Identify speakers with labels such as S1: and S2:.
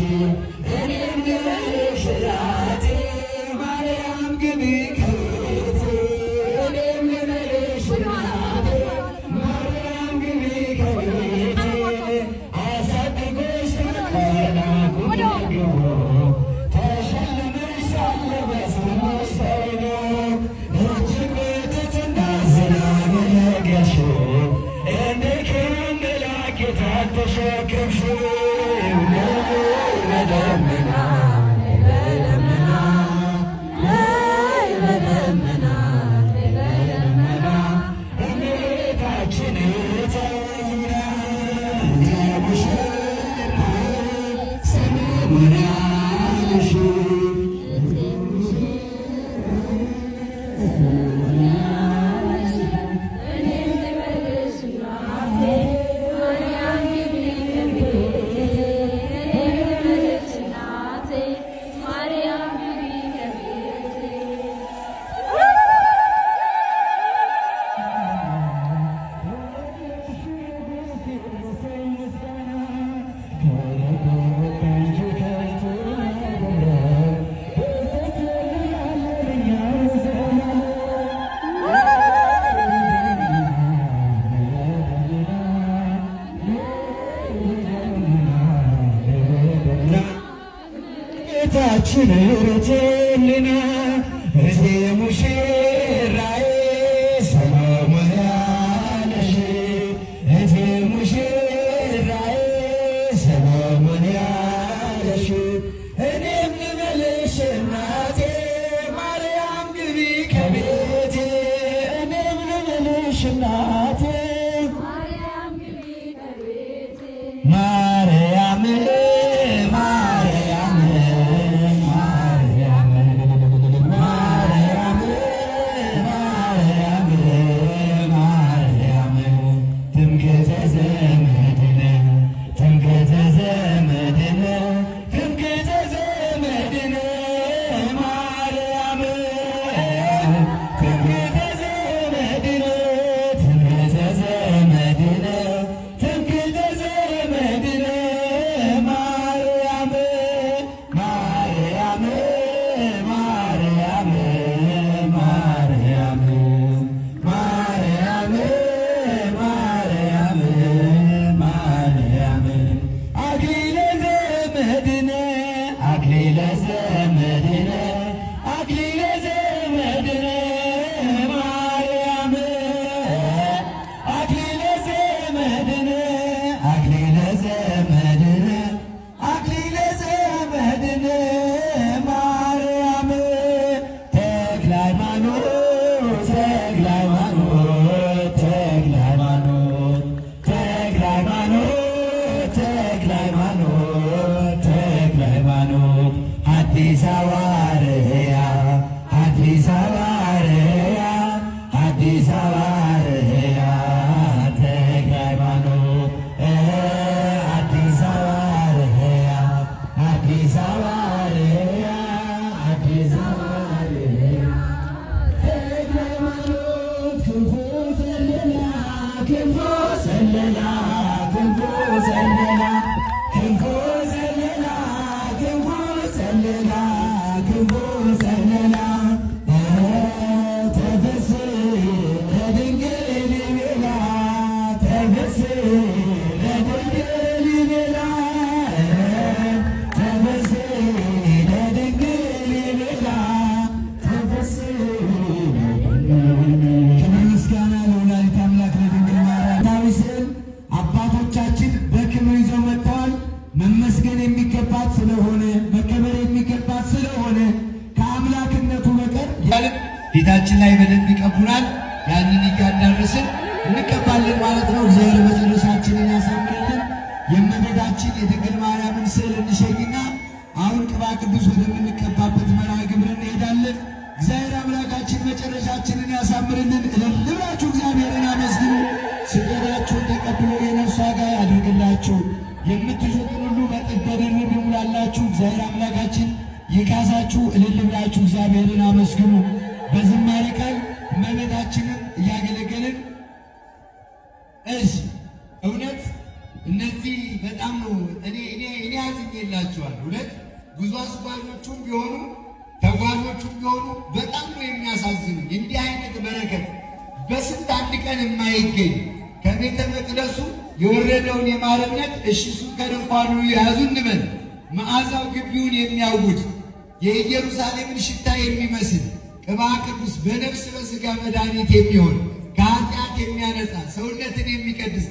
S1: issue Thank you. የመጣችን ርትልና እቴ ሙሽራዬ ሰሎሞንያነሽ እቴ ሙሽራዬ ሰሎሞንያነሽ እኔም ልበልሽ እናቴ ማርያም ግቢ ከቤቴ እኔም ልበልሽ እናቴ These are out. reconhecer መጨረሻችንን ያሳምርልን። እልልብላችሁ እግዚአብሔርን አመስግኑ። ስገዳችሁን ተቀብሎ የነፍስ ዋጋ ያድርግላችሁ። የምትሹትን ሁሉ በጥፍ በድርብ ይሙላላችሁ። እግዚአብሔር አምላካችን ይካሳችሁ። እልል ብላችሁ እግዚአብሔርን አመስግኑ። በዝማሬ ቃል እመቤታችንን እያገለገልን እሺ፣ እውነት እነዚህ በጣም ነው እኔ እኔ እኔ አዝኜላችኋል። እውነት ጉዞ አስጓዦቹም ቢሆኑ ተጓዦቹም ቢሆኑ በጣም ነው የሚያሳዝኑ። እንዲህ አይነት በረከት በስንት አንድ ቀን የማይገኝ ከቤተ መቅደሱ የወረደውን የማርነት እሺ እሱ ከድንኳኑ የያዙ እንበል መዓዛው ግቢውን የሚያውድ የኢየሩሳሌምን ሽታ የሚመስል ቅባ ቅዱስ በነፍስ በስጋ መድኃኒት የሚሆን ከኃጢአት የሚያነጻ ሰውነትን የሚቀድስ